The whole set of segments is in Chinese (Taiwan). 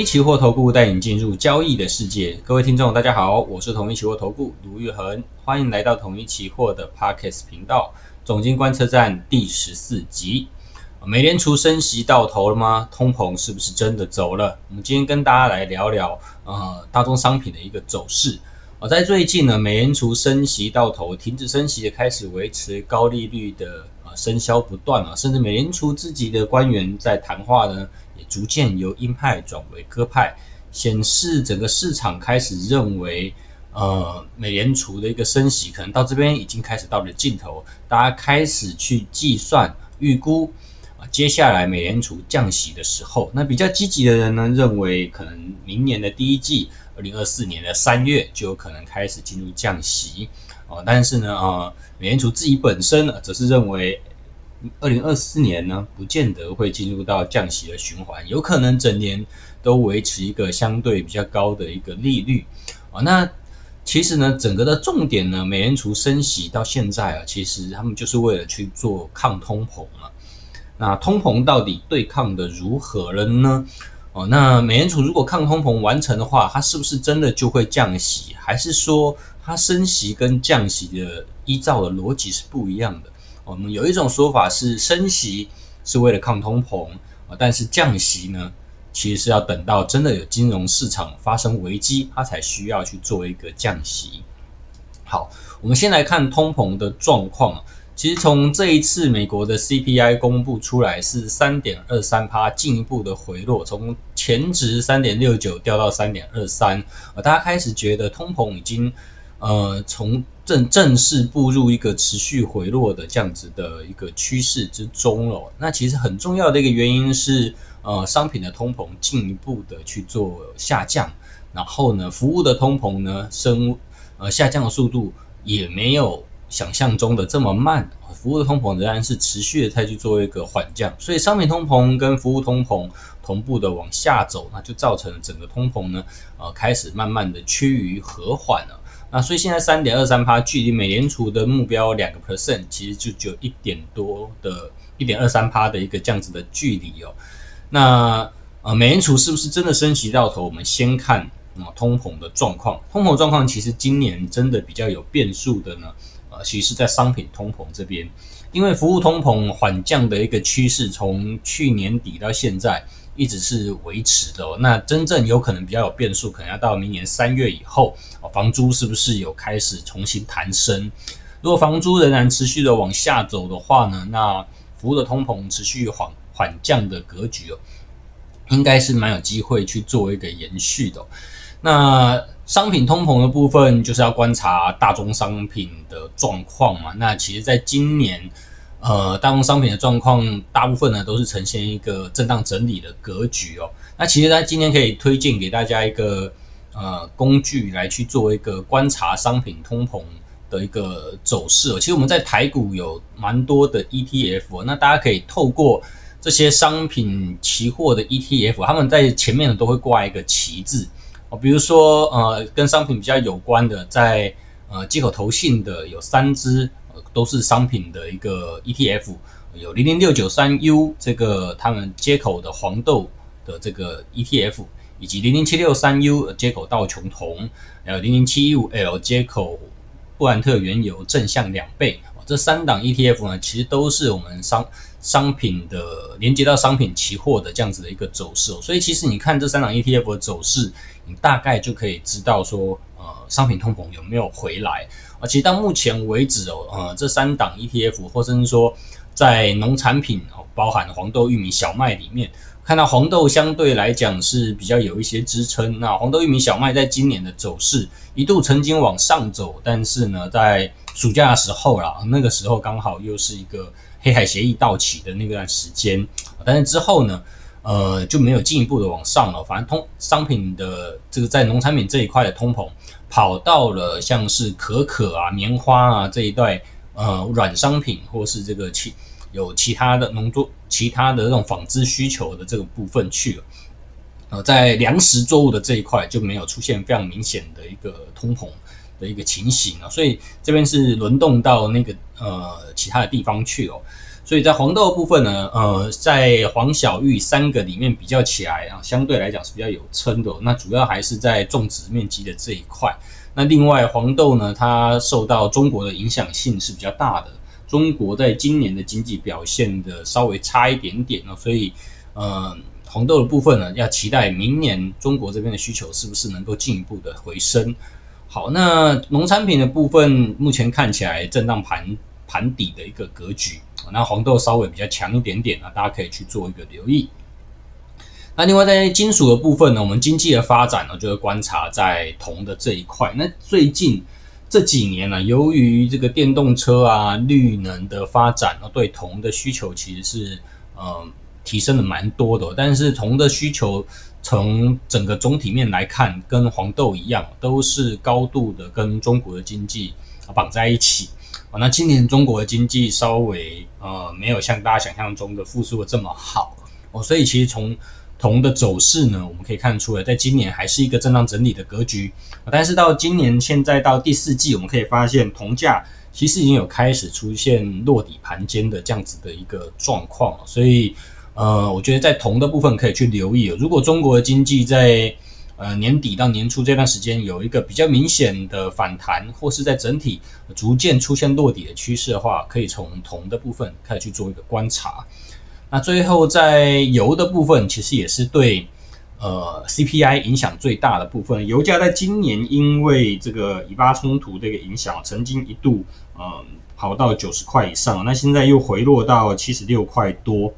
統一期貨投顧帶你進入交易的世界，各位聽眾大家好，我是統一期貨投顧盧昱衡，歡迎來到統一期貨的 Podcast 頻道，總經觀測站第十四集，美聯儲升息到頭了嗎？通膨是不是真的走了？我們今天跟大家來聊聊呃，大宗商品的一個走勢。啊、呃，在最近呢，美聯儲升息到頭，停止升息的開始維持高利率的啊、呃，升息不斷啊、呃，甚至美聯儲自己的官員在談話呢。逐漸由鷹派轉為鴿派，顯示整個市場開始認為，呃，美聯儲的一個升息可能到這邊已經開始到了盡頭，大家開始去計算、預估，啊，接下來美聯儲降息的時候，那比較積極的人呢，認為可能明年的第一季，二零二四年的三月就有可能開始進入降息，啊，但是呢，呃，啊，美聯儲自己本身呢，則是認為。二零二四年呢，不見得會進入到降息的循環，有可能整年都維持一個相對比較高的一個利率。哦，那其實呢，整個的重點呢，美聯儲升息到現在啊，其實他們就是為了去做抗通膨嘛。那通膨到底對抗得如何了呢？哦，那美聯儲如果抗通膨完成的話，它是不是真的就會降息？還是說它升息跟降息的依照的邏輯是不一樣的？我們有一種說法是升息是為了抗通膨，啊，但是降息呢，其實是要等到真的有金融市場發生危機，它才需要去做一個降息。好，我們先來看通膨的狀況。其實從這一次美國的 CPI 公布出來是三點二三趴，進一步的回落，從前值三點六九掉到三點二三，大家開始覺得通膨已經。呃，從正正式步入一個持續回落的這樣子的一個趨勢之中了哦。那其實很重要的一個原因是，呃，商品的通膨進一步的去做下降，然後呢，服務的通膨呢升呃下降的速度也沒有想象中的這麼慢，服務的通膨仍然是持續的再去做一個緩降，所以商品通膨跟服務通膨同步的往下走，那就造成了整個通膨呢，呃，開始慢慢的趨於和緩了。那所以現在三點二三趴，距離美聯儲的目標兩個 percent，其實就只有一點多的，一點二三趴的一個這樣子的距離哦。那呃，美聯儲是不是真的升息到頭？我們先看啊、呃、通膨的狀況。通膨狀況其實今年真的比較有變數的呢。呃，其實，是在商品通膨這邊，因為服務通膨緩降的一個趨勢，從去年底到現在。一直是維持的，哦，那真正有可能比較有變數，可能要到明年三月以後，房租是不是有開始重新彈升？如果房租仍然持續的往下走的話呢，那服務的通膨持續緩緩降的格局哦，應該是蠻有機會去做一個延續的，哦。那商品通膨的部分就是要觀察大宗商品的狀況嘛，那其實在今年。呃，大宗商品的狀況大部分呢都是呈現一個震盪整理的格局哦。那其實呢，今天可以推薦給大家一個呃工具來去做一個觀察商品通膨的一個走勢哦。其實我們在台股有蠻多的 ETF 哦，那大家可以透過這些商品期貨的 ETF，他們在前面呢都會掛一個“旗”字哦，比如說呃跟商品比較有關的在。呃，接口投信的有三支，呃，都是商品的一個 ETF，有零零六九三 U 這個他們接口的黃豆的這個 ETF，以及零零七六三 U，呃，接口道瓊銅，還有零零七一五 L 接口布蘭特原油正向兩倍，呃，這三檔 ETF 呢，其實都是我們商商品的連接到商品期貨的這樣子的一個走勢、哦，所以其實你看這三檔 ETF 的走勢，你大概就可以知道說，呃，商品通膨有沒有回來，而且、啊、到目前為止哦，呃，這三檔 ETF 或者是說在農產品、哦、包含黃豆、玉米、小麥裡面，看到黃豆相對來講是比較有一些支撐。那黃豆、玉米、小麥在今年的走勢一度曾經往上走，但是呢，在暑假的時候啦，那個時候剛好又是一個黑海協議到期的那段時間，但是之後呢，呃，就沒有進一步的往上了。反正通商品的這個在農產品這一塊的通膨，跑到了像是可可啊、棉花啊這一段，呃，軟商品或是這個其有其他的農作、其他的這種紡織需求的這個部分去了。呃，在糧食作物的這一塊就沒有出現非常明顯的一個通膨。的一個情形啊，所以這邊是輪動到那個呃其他的地方去了，哦。所以在黃豆的部分呢，呃，在黃小玉三個裡面比較起來啊，相對來講是比較有撐的，哦。那主要還是在種植面積的這一塊。那另外黃豆呢，它受到中國的影響性是比較大的。中國在今年的經濟表現得稍微差一點點呢，哦，所以呃，黃豆的部分呢，要期待明年中國這邊的需求是不是能夠進一步的回升。好，那農產品的部分目前看起來，震盪盤盤底的一個格局，那黃豆稍微比較強一點點啊，大家可以去做一個留意。那另外在金屬的部分呢，我們經濟的發展呢，就會、是、觀察在銅的這一塊。那最近這幾年呢，由於這個電動車啊、綠能的發展、啊，那對銅的需求其實是嗯。呃提升的蠻多的，但是銅的需求從整個總體面來看，跟黃豆一樣，都是高度的跟中國的經濟綁在一起。那今年中國的經濟稍微呃沒有像大家想象中的復甦的這麼好，哦，所以其實從銅的走勢呢，我們可以看出來，在今年還是一個震盪整理的格局。但是到今年現在到第四季，我們可以發現銅價其實已經有開始出現落底盤間的這樣子的一個狀況，所以。呃，我覺得在銅的部分可以去留意。如果中國的經濟在呃年底到年初這段時間有一個比較明顯的反彈，或是在整體逐漸出現落底的趨勢的話，可以從銅的部分開始去做一個觀察。那最後在油的部分，其實也是對呃 CPI 影響最大的部分。油價在今年因為這個以巴衝突這個影響，曾經一度嗯、呃、跑到九十塊以上，那現在又回落到七十六塊多。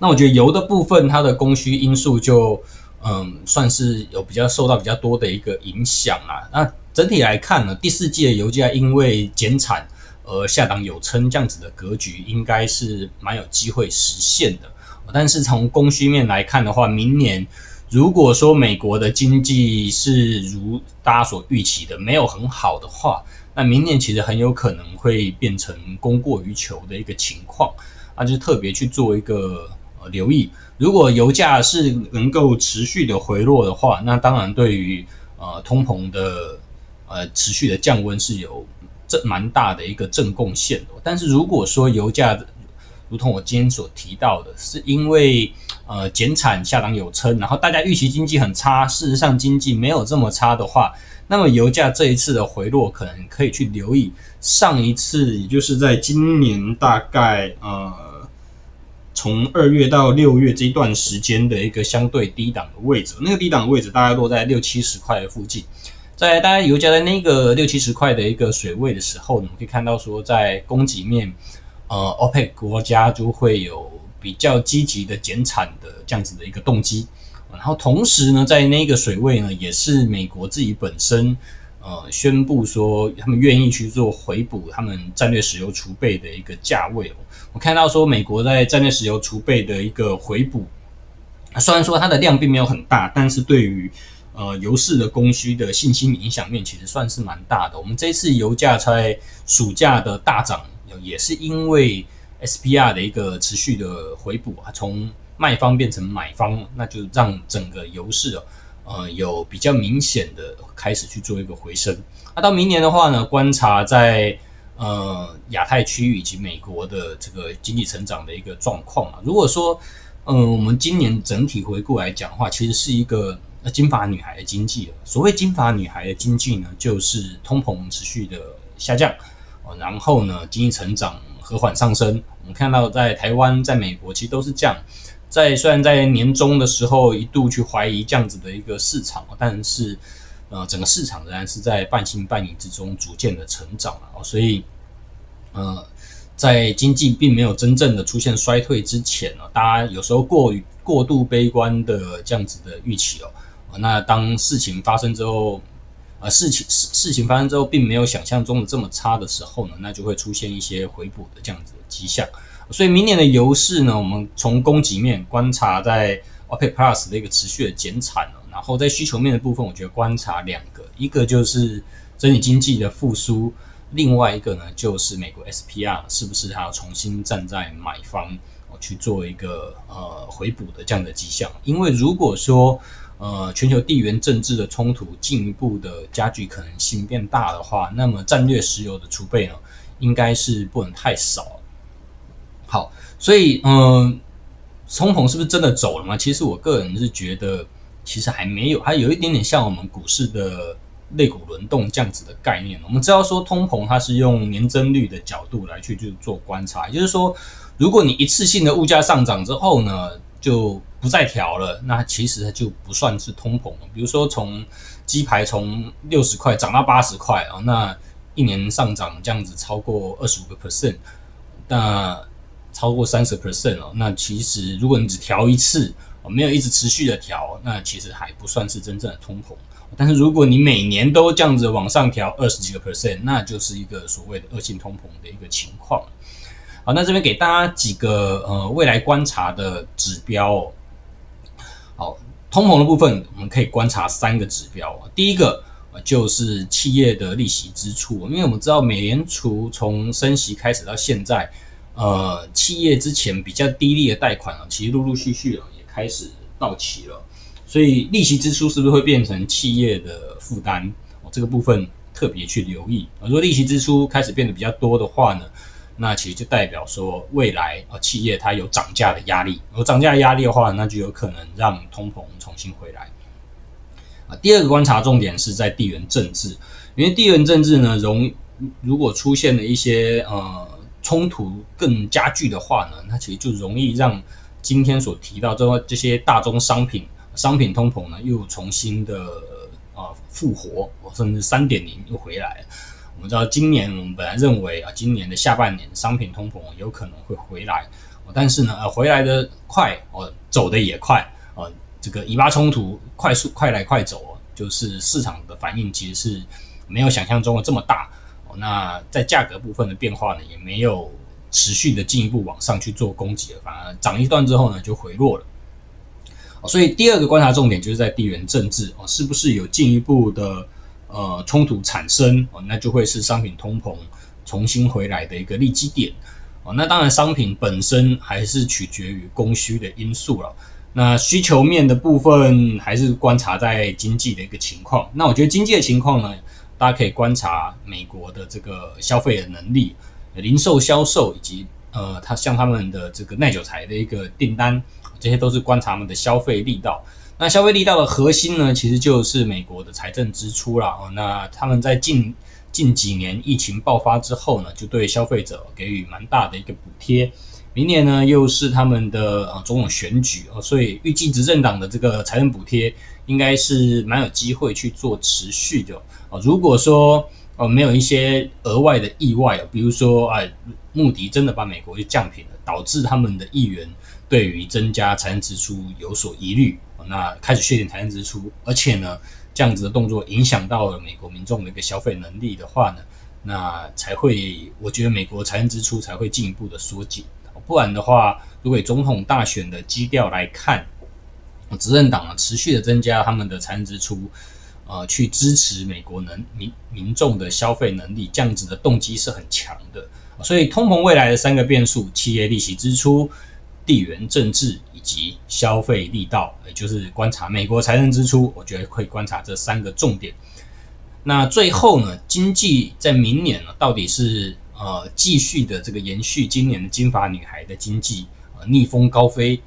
那我覺得油的部分，它的供需因素就嗯算是有比較受到比較多的一個影響啦、啊。那整體來看呢，第四季的油價因為減產而下檔有撐這樣子的格局，應該是蠻有機會實現的。但是從供需面來看的話，明年如果說美國的經濟是如大家所預期的沒有很好的話，那明年其實很有可能會變成供過於求的一個情況。那就特別去做一個留意，如果油價是能夠持續的回落的話，那當然對於呃通膨的呃持續的降溫是有這蠻大的一個正貢獻的。但是如果說油價如同我今天所提到的，是因為呃減產下檔有撐，然後大家預期經濟很差，事實上經濟沒有這麼差的話，那麼油價這一次的回落可能可以去留意上一次，也就是在今年大概呃。從二月到六月這一段時間的一個相對低檔的位置，那個低檔的位置大概落在六七十塊的附近。在大家油價在那個六七十塊的一個水位的時候呢，我們可以看到說，在供給面，呃，OPEC 國家就會有比較積極的減產的這樣子的一個動機。然後同時呢，在那個水位呢，也是美國自己本身。呃，宣布說他們願意去做回補他們戰略石油儲備的一個價位哦。我看到說美國在戰略石油儲備的一個回補，雖、啊、然說它的量並沒有很大，但是對於呃油市的供需的信心影響面其實算是蠻大的。我們這次油價在暑假的大漲，也是因為 SPR 的一個持續的回補啊，從賣方變成買方，那就讓整個油市哦呃，有比較明顯的開始去做一個回昇。那、啊、到明年的話呢，觀察在呃亞太區域以及美國的這個經濟成長的一個狀況嘛。如果說，嗯、呃，我們今年整體回顧來講的話，其實是一個金髮女孩的經濟。所謂金髮女孩的經濟呢，就是通膨持續的下降，呃、然後呢，經濟成長和緩上升。我們看到在台灣、在美國，其實都是這樣。在雖然在年中的時候一度去懷疑這樣子的一個市場，但是呃整個市場仍然是在半信半疑之中逐漸的成長，所以呃在經濟並沒有真正的出現衰退之前呢，大家有時候過於過度悲觀的這樣子的預期哦，那當事情發生之後啊，事情事事情發生之後並沒有想象中的這麼差的時候呢，那就會出現一些回補的這樣子的跡象。所以明年的油市呢，我們從供給面觀察在，在 OPEC Plus 的一個持續的減產，然後在需求面的部分，我覺得觀察兩個，一個就是整體經濟的復甦，另外一個呢就是美國 SPR 是不是還要重新站在買方去做一個呃回補的這樣的跡象？因為如果說呃全球地緣政治的衝突進一步的加劇可能性變大的話，那麼戰略石油的儲備呢應該是不能太少。好，所以嗯，通膨是不是真的走了嗎？其實我個人是覺得，其實還沒有，還有一點點像我們股市的類股輪動這樣子的概念。我們知道說，通膨它是用年增率的角度來去就做觀察，也就是說，如果你一次性的物價上漲之後呢，就不再調了，那其實它就不算是通膨了。比如說，從雞排從六十塊漲到八十塊啊，那一年上漲這樣子超過二十五個 percent，那超過三十 percent 哦，那，其實如果你只調一次，沒有一直持續地調，那其實還不算是真正的通膨。但是如果你每年都這樣子往上調二十幾個 percent，那就是一個所謂的惡性通膨的一個情況。好，那這邊給大家幾個呃未來觀察的指標哦。好，通膨的部分我們可以觀察三個指標。第一個就是企業的利息支出，因為我們知道美聯儲從升息開始到現在，呃，企業之前比較低利的貸款啊，其實陸陸續續啊也開始到期了，所以利息支出是不是會變成企業的負擔？我、哦、這個部分特別去留意啊，如果利息支出開始變得比較多的話呢，那其實就代表說未來啊、呃，企業它有漲價的壓力。有漲價的壓力的話，那就有可能讓通膨重新回來。啊、呃，第二個觀察重點是在地緣政治，因為地緣政治呢，容如果出現了一些呃。衝突更加劇的話呢，那其實就容易讓今天所提到這這些大宗商品、商品通膨呢，又重新的啊、呃、復活，甚至三點零又回來。我們知道今年我們本來認為啊、呃，今年的下半年商品通膨有可能會回來，但是呢，呃，回來的快，哦、呃，走的也快，呃、這個以巴衝突快速快來快走，就是市場的反應其實是沒有想象中的這麼大。那在價格部分的變化呢，也沒有持續的進一步往上去做攻擊了，反而漲一段之後呢，就回落了。所以第二個觀察重點就是在地緣政治哦，是不是有進一步的呃衝突產生哦，那就會是商品通膨重新回來的一個利基點哦。那當然，商品本身還是取決於供需的因素了。那需求面的部分還是觀察在經濟的一個情況。那我覺得經濟的情況呢？大家可以觀察美國的這個消費的能力、零售銷售以及呃，他像他們的這個耐久財的一個訂單，這些都是觀察他們的消費力道。那消費力道的核心呢，其實就是美國的財政支出啦。哦，那他們在近近幾年疫情爆發之後呢，就對消費者給予蠻大的一個補貼。明年呢，又是他們的呃總統選舉，所以預計執政黨的這個財政補貼。應該是蠻有機會去做持續的啊。如果說哦沒有一些額外的意外，比如說啊穆迪真的把美國就降品了，導致他們的議員對於增加財政支出有所疑慮，那開始削減財政支出，而且呢這樣子的動作影響到了美國民眾的一個消費能力的話呢，那才會我覺得美國財政支出才會進一步的縮減。不然的話，如果總統大選的基調來看。執政黨呢持續的增加他們的財政支出，呃，去支持美國能民民眾的消費能力，這樣子的動機是很強的。所以通膨未來的三個變數：企業利息支出、地緣政治以及消費力道，也就是觀察美國財政支出，我覺得可以觀察這三個重點。那最後呢，經濟在明年呢，到底是呃繼續的這個延續今年的金髮女孩的經濟，呃，逆風高飛？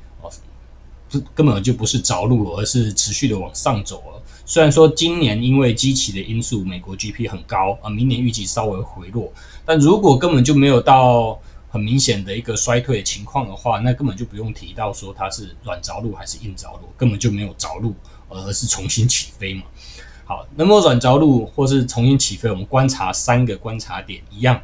根本就不是着陸，而是持續的往上走了。雖然說今年因為基期的因素，美國 GDP 很高啊，明年預計稍微回落。但如果根本就沒有到很明顯的一個衰退的情況的話，那根本就不用提到說它是軟着陸還是硬着陸，根本就沒有着陸，而是重新起飛嘛。好，那麼軟着陸或是重新起飛，我們觀察三個觀察點一樣，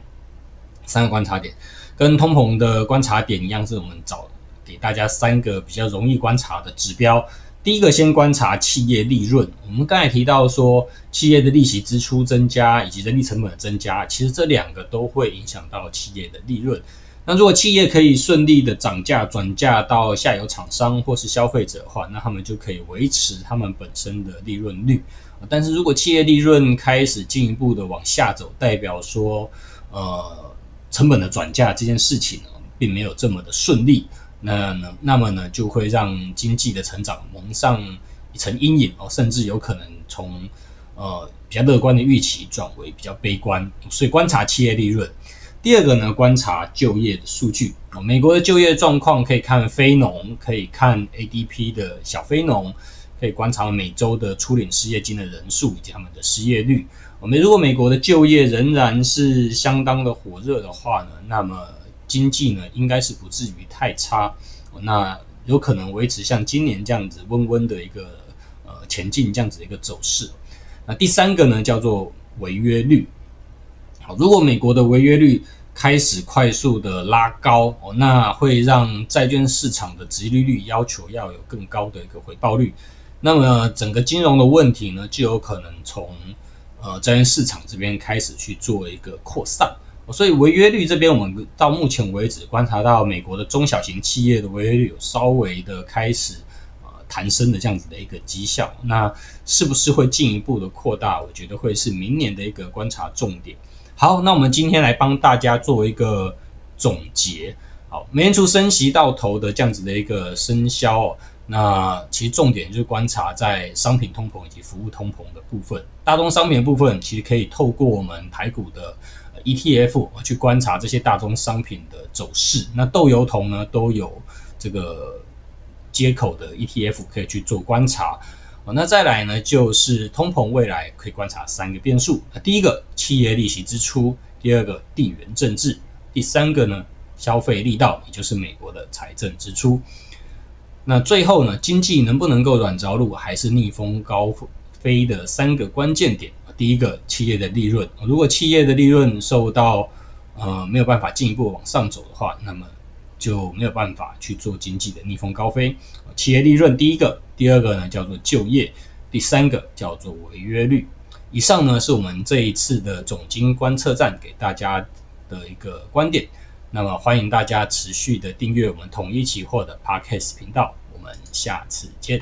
三個觀察點跟通膨的觀察點一樣，是我們找。給大家三個比較容易觀察的指標。第一個，先觀察企業利潤。我們剛才提到說，企業的利息支出增加以及人力成本的增加，其實這兩個都會影響到企業的利潤。那如果企業可以順利的漲價轉嫁到下游廠商或是消費者的話，那他們就可以維持他們本身的利潤率。但是如果企業利潤開始進一步的往下走，代表說，呃，成本的轉嫁這件事情呢，並沒有這麼的順利。那呢，那麼呢，就會讓經濟的成長蒙上一層陰影哦，甚至有可能從呃比較樂觀的預期轉為比較悲觀。所以觀察企業利潤，第二個呢，觀察就業的數據。美國的就業狀況可以看非農，可以看 ADP 的小非農，可以觀察每周的初領失業金的人數以及他們的失業率。我們如果美國的就業仍然是相當的火熱的話呢，那麼。經濟呢，應該是不至於太差，那有可能維持像今年這樣子溫溫的一個呃前進這樣子的一個走勢。那第三個呢，叫做違約率。好，如果美國的違約率開始快速的拉高，那會讓債券市場的殖利率要求要有更高的一個回報率，那麼整個金融的問題呢，就有可能從呃債券市場這邊開始去做一個擴散。所以違約率這邊，我們到目前為止觀察到美國的中小型企業的違約率有稍微的開始呃彈升的這樣子的一個績效，那是不是會進一步的擴大？我覺得會是明年的一個觀察重點。好，那我們今天來幫大家做一個總結。好，美聯儲升息到頭的這樣子的一個升息。那其實重點就是觀察在商品通膨以及服務通膨的部分。大宗商品的部分其實可以透過我們台股的。ETF 去觀察這些大宗商品的走勢，那豆油、銅呢都有這個接口的 ETF 可以去做觀察。那再來呢，就是通膨未來可以觀察三個變數：那第一個，企業利息支出；第二個，地緣政治；第三個呢，消費力道，也就是美國的財政支出。那最後呢，經濟能不能夠軟着陸還是逆風高飛的三個關鍵點。第一個企業的利潤，如果企業的利潤受到呃沒有辦法進一步往上走的話，那麼就沒有辦法去做經濟的逆風高飛。企業利潤第一個，第二個呢，叫做就業，第三個叫做違約率。以上呢，是我們這一次的總經觀測站給大家的一個觀點。那麼歡迎大家持續的訂閱我們統一期貨的 Podcast 頻道，我們下次見。